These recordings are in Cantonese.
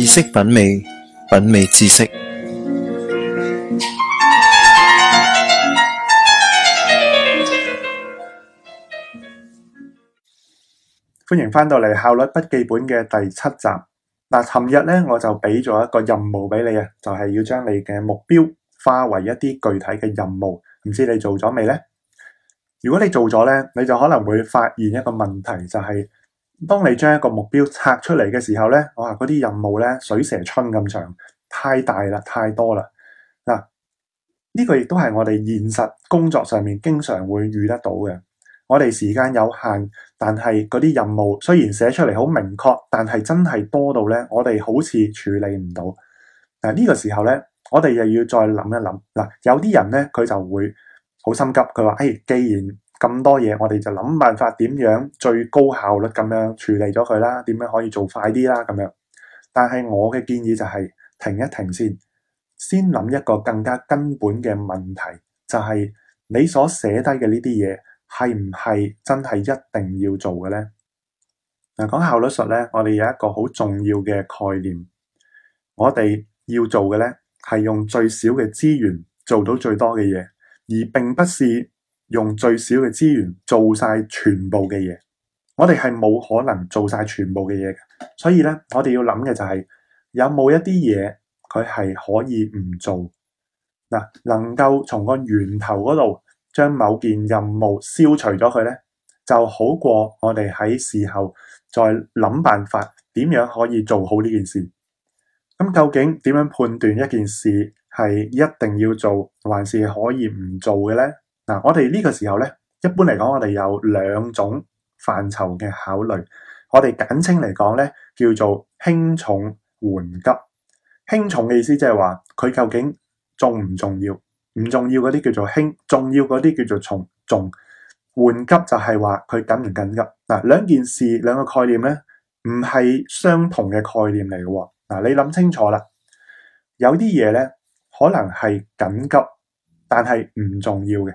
知識品味，品味知識。歡迎翻到嚟效率筆記本嘅第七集。嗱，尋日呢我就俾咗一個任務俾你啊，就係要將你嘅目標化為一啲具體嘅任務。唔知你做咗未呢？如果你做咗呢，你就可能會發現一個問題，就係。當你將一個目標拆出嚟嘅時候咧，哇，嗰啲任務咧水蛇春咁長，太大啦，太多啦。嗱，呢個亦都係我哋現實工作上面經常會遇得到嘅。我哋時間有限，但係嗰啲任務雖然寫出嚟好明確，但係真係多到咧，我哋好似處理唔到。誒，呢個時候咧，我哋又要再諗一諗。嗱，有啲人咧，佢就會好心急，佢話：，誒，既然咁多嘢，我哋就諗辦法點樣最高效率咁樣處理咗佢啦，點樣可以做快啲啦咁樣。但係我嘅建議就係停一停先，先諗一個更加根本嘅問題，就係你所寫低嘅呢啲嘢係唔係真係一定要做嘅呢？嗱，講效率術呢，我哋有一個好重要嘅概念，我哋要做嘅呢係用最少嘅資源做到最多嘅嘢，而並不是。用最少嘅資源做晒全部嘅嘢。我哋係冇可能做晒全部嘅嘢，所以咧，我哋要諗嘅就係有冇一啲嘢佢係可以唔做嗱，能夠從個源頭嗰度將某件任務消除咗佢咧，就好過我哋喺事後再諗辦法點樣可以做好呢件事。咁究竟點樣判斷一件事係一定要做還是可以唔做嘅咧？嗱，我哋呢個時候咧，一般嚟講，我哋有兩種範疇嘅考慮。我哋簡稱嚟講咧，叫做輕重緩急。輕重嘅意思即係話，佢究竟重唔重要？唔重要嗰啲叫做輕，重要嗰啲叫做重。重緩急就係話佢緊唔緊急？嗱，兩件事兩個概念咧，唔係相同嘅概念嚟嘅。嗱，你諗清楚啦。有啲嘢咧，可能係緊急，但係唔重要嘅。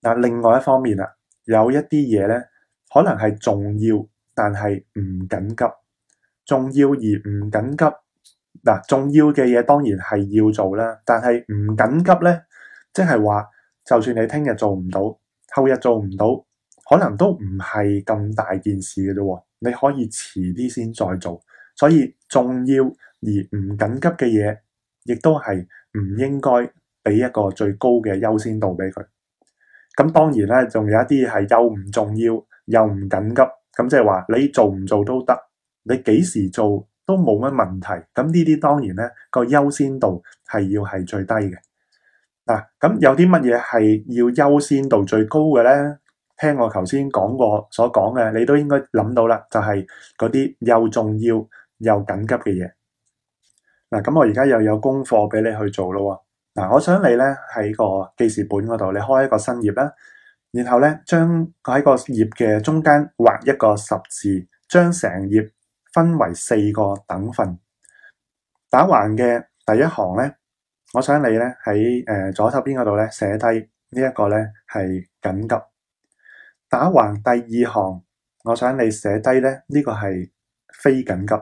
嗱，另外一方面啦，有一啲嘢咧，可能係重要，但係唔緊急。重要而唔緊急，嗱，重要嘅嘢當然係要做啦，但係唔緊急咧，即係話，就算你聽日做唔到，後日做唔到，可能都唔係咁大件事嘅啫。你可以遲啲先再做。所以重要而唔緊急嘅嘢，亦都係唔應該俾一個最高嘅優先度俾佢。咁當然咧，仲有一啲嘢係又唔重要又唔緊急，咁即係話你做唔做都得，你幾時做都冇乜問題。咁呢啲當然咧，個優先度係要係最低嘅。嗱，咁有啲乜嘢係要優先度最高嘅咧？聽我頭先講過所講嘅，你都應該諗到啦，就係嗰啲又重要又緊急嘅嘢。嗱，咁我而家又有功課俾你去做咯喎。嗱，我想你咧喺個記事本嗰度，你開一個新頁啦，然後咧，將喺個頁嘅中間畫一個十字，將成頁分為四個等份。打橫嘅第一行咧，我想你咧喺誒左手邊嗰度咧寫低呢一個咧係緊急。打橫第二行，我想你寫低咧呢個係非緊急。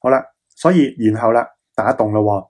好啦，所以然後啦打動啦。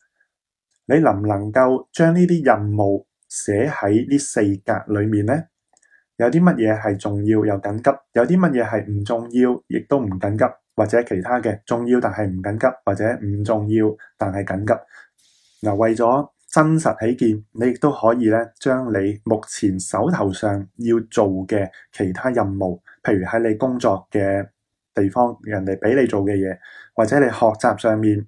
你能唔能夠將呢啲任務寫喺呢四格裏面呢？有啲乜嘢係重要又緊急？有啲乜嘢係唔重要亦都唔緊急，或者其他嘅重要但係唔緊急，或者唔重要但係緊急？嗱，為咗真實起見，你亦都可以咧將你目前手頭上要做嘅其他任務，譬如喺你工作嘅地方人哋俾你做嘅嘢，或者你學習上面。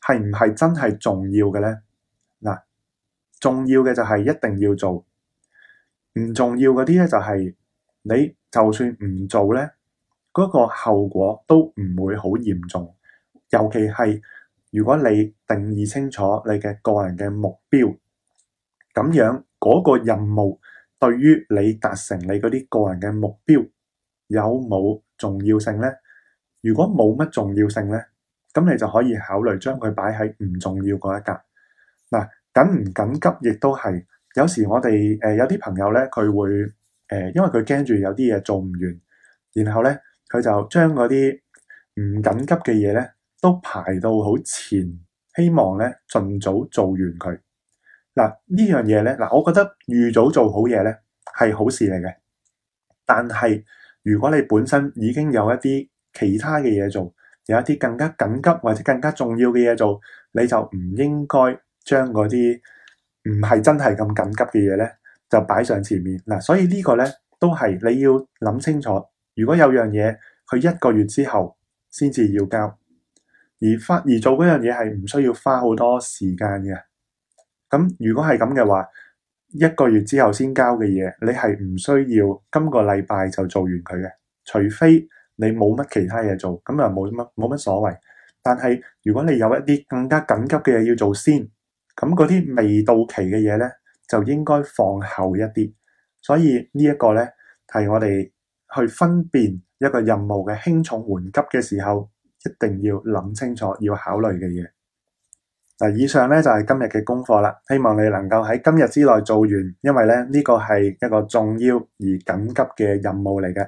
係唔係真係重要嘅咧？嗱，重要嘅就係一定要做，唔重要嗰啲咧就係你就算唔做咧，嗰個後果都唔會好嚴重。尤其係如果你定義清楚你嘅個人嘅目標，咁樣嗰個任務對於你達成你嗰啲個人嘅目標有冇重要性呢？如果冇乜重要性呢？咁你就可以考慮將佢擺喺唔重要嗰一格。嗱、啊、緊唔緊急亦都係有時我哋誒、呃、有啲朋友咧佢會誒、呃、因為佢驚住有啲嘢做唔完，然後咧佢就將嗰啲唔緊急嘅嘢咧都排到好前，希望咧盡早做完佢。嗱、啊、呢樣嘢咧嗱，我覺得預早做好嘢咧係好事嚟嘅，但係如果你本身已經有一啲其他嘅嘢做。有一啲更加緊急或者更加重要嘅嘢做，你就唔應該將嗰啲唔係真係咁緊急嘅嘢咧，就擺上前面嗱、啊。所以個呢個咧都係你要諗清楚。如果有樣嘢佢一個月之後先至要交，而花而做嗰樣嘢係唔需要花好多時間嘅。咁如果係咁嘅話，一個月之後先交嘅嘢，你係唔需要今個禮拜就做完佢嘅，除非。你冇乜其他嘢做，咁又冇乜冇乜所謂。但係如果你有一啲更加緊急嘅嘢要做先，咁嗰啲未到期嘅嘢咧，就應該放後一啲。所以呢一個咧係我哋去分辨一個任務嘅輕重緩急嘅時候，一定要諗清楚要考慮嘅嘢。嗱，以上咧就係今日嘅功課啦。希望你能夠喺今日之內做完，因為咧呢個係一個重要而緊急嘅任務嚟嘅。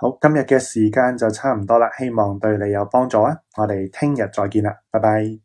好，今日嘅時間就差唔多喇，希望對你有幫助啊！我哋聽日再見喇，拜拜。